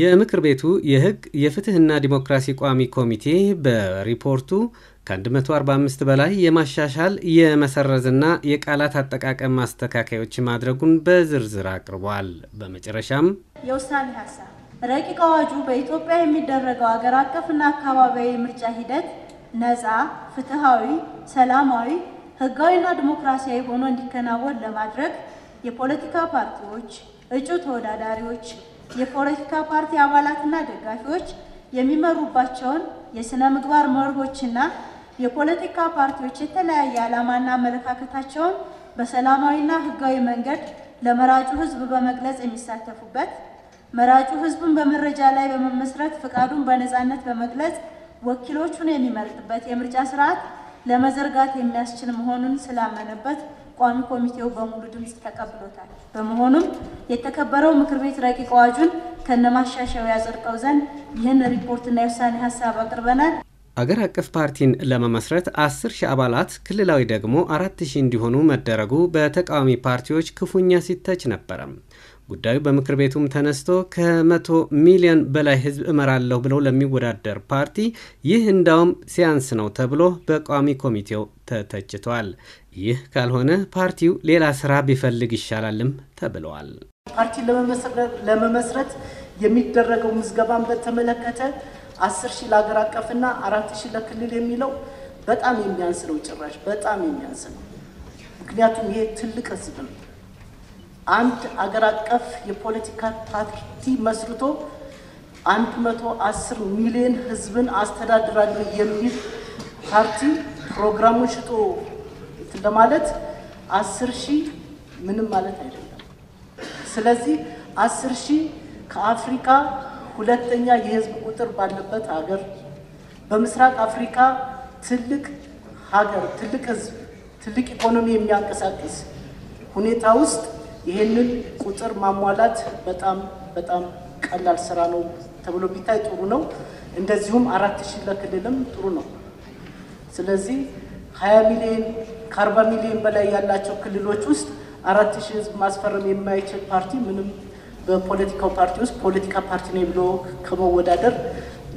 የምክር ቤቱ የሕግ የፍትህና ዲሞክራሲ ቋሚ ኮሚቴ በሪፖርቱ ከ145 በላይ የማሻሻል የመሰረዝና የቃላት አጠቃቀም ማስተካከዮች ማድረጉን በዝርዝር አቅርቧል። በመጨረሻም የውሳኔ ሀሳብ ረቂቅ አዋጁ በኢትዮጵያ የሚደረገው አገር አቀፍና አካባቢያዊ ምርጫ ሂደት ነፃ፣ ፍትሃዊ፣ ሰላማዊ፣ ህጋዊና ዲሞክራሲያዊ ሆኖ እንዲከናወን ለማድረግ የፖለቲካ ፓርቲዎች፣ እጩ ተወዳዳሪዎች የፖለቲካ ፓርቲ አባላትና ደጋፊዎች የሚመሩባቸውን የሥነ ምግባር መርሆችና የፖለቲካ ፓርቲዎች የተለያየ ዓላማና አመለካከታቸውን በሰላማዊና ሕጋዊ መንገድ ለመራጩ ሕዝብ በመግለጽ የሚሳተፉበት መራጩ ሕዝብን በመረጃ ላይ በመመስረት ፍቃዱን በነፃነት በመግለጽ ወኪሎቹን የሚመርጥበት የምርጫ ስርዓት ለመዘርጋት የሚያስችል መሆኑን ስላመነበት ቋሚ ኮሚቴው በሙሉ ድምፅ ተቀብሎታል። በመሆኑም የተከበረው ምክር ቤት ረቂቅ አዋጁን ከነማሻሻያው ያጸድቀው ዘንድ ይህን ሪፖርትና የውሳኔ ሀሳብ አቅርበናል። አገር አቀፍ ፓርቲን ለመመስረት አስር ሺህ አባላት ክልላዊ ደግሞ 4 ሺህ እንዲሆኑ መደረጉ በተቃዋሚ ፓርቲዎች ክፉኛ ሲተች ነበረ። ጉዳዩ በምክር ቤቱም ተነስቶ ከመቶ ሚሊዮን በላይ ህዝብ እመራለሁ ብለው ለሚወዳደር ፓርቲ ይህ እንዳውም ሲያንስ ነው ተብሎ በቋሚ ኮሚቴው ተተችቷል። ይህ ካልሆነ ፓርቲው ሌላ ስራ ቢፈልግ ይሻላልም ተብለዋል። ፓርቲ ለመመስረት የሚደረገው ምዝገባን በተመለከተ አስር ሺህ ለሀገር አቀፍና አራት ሺህ ለክልል የሚለው በጣም የሚያንስ ነው። ጭራሽ በጣም የሚያንስ ነው። ምክንያቱም ይሄ ትልቅ ህዝብ ነው። አንድ አገር አቀፍ የፖለቲካ ፓርቲ መስርቶ አንድ መቶ አስር ሚሊዮን ህዝብን አስተዳድራለሁ የሚል ፓርቲ ፕሮግራሙን ሽጦ ለማለት አስር ሺህ ምንም ማለት አይደለም። ስለዚህ አስር ሺህ ከአፍሪካ ሁለተኛ የህዝብ ቁጥር ባለበት ሀገር በምስራቅ አፍሪካ ትልቅ ሀገር፣ ትልቅ ህዝብ፣ ትልቅ ኢኮኖሚ የሚያንቀሳቅስ ሁኔታ ውስጥ ይህንን ቁጥር ማሟላት በጣም በጣም ቀላል ስራ ነው ተብሎ ቢታይ ጥሩ ነው። እንደዚሁም አራት ሺህ ለክልልም ጥሩ ነው። ስለዚህ ሀያ ሚሊዮን ከአርባ ሚሊዮን በላይ ያላቸው ክልሎች ውስጥ አራት ሺህ ህዝብ ማስፈረም የማይችል ፓርቲ ምንም በፖለቲካው ፓርቲ ውስጥ ፖለቲካ ፓርቲ ነኝ ብሎ ከመወዳደር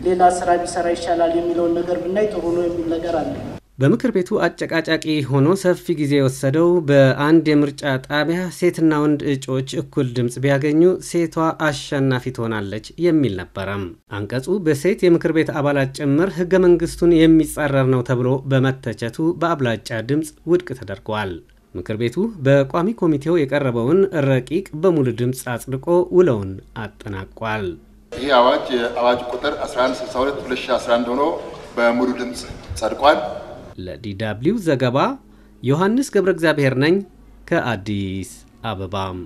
ሌላ ስራ ቢሰራ ይሻላል የሚለውን ነገር ብናይ ጥሩ ነው የሚል ነገር አለ። በምክር ቤቱ አጨቃጫቂ ሆኖ ሰፊ ጊዜ የወሰደው በአንድ የምርጫ ጣቢያ ሴትና ወንድ እጩዎች እኩል ድምፅ ቢያገኙ ሴቷ አሸናፊ ትሆናለች የሚል ነበረም። አንቀጹ በሴት የምክር ቤት አባላት ጭምር ህገ መንግስቱን የሚጻረር ነው ተብሎ በመተቸቱ በአብላጫ ድምፅ ውድቅ ተደርጓል። ምክር ቤቱ በቋሚ ኮሚቴው የቀረበውን ረቂቅ በሙሉ ድምፅ አጽድቆ ውለውን አጠናቋል። ይህ አዋጅ የአዋጅ ቁጥር 1162 2011 ሆኖ በሙሉ ድምፅ ጸድቋል። ለዲዳብሊው ዘገባ ዮሐንስ ገብረ እግዚአብሔር ነኝ ከአዲስ አበባም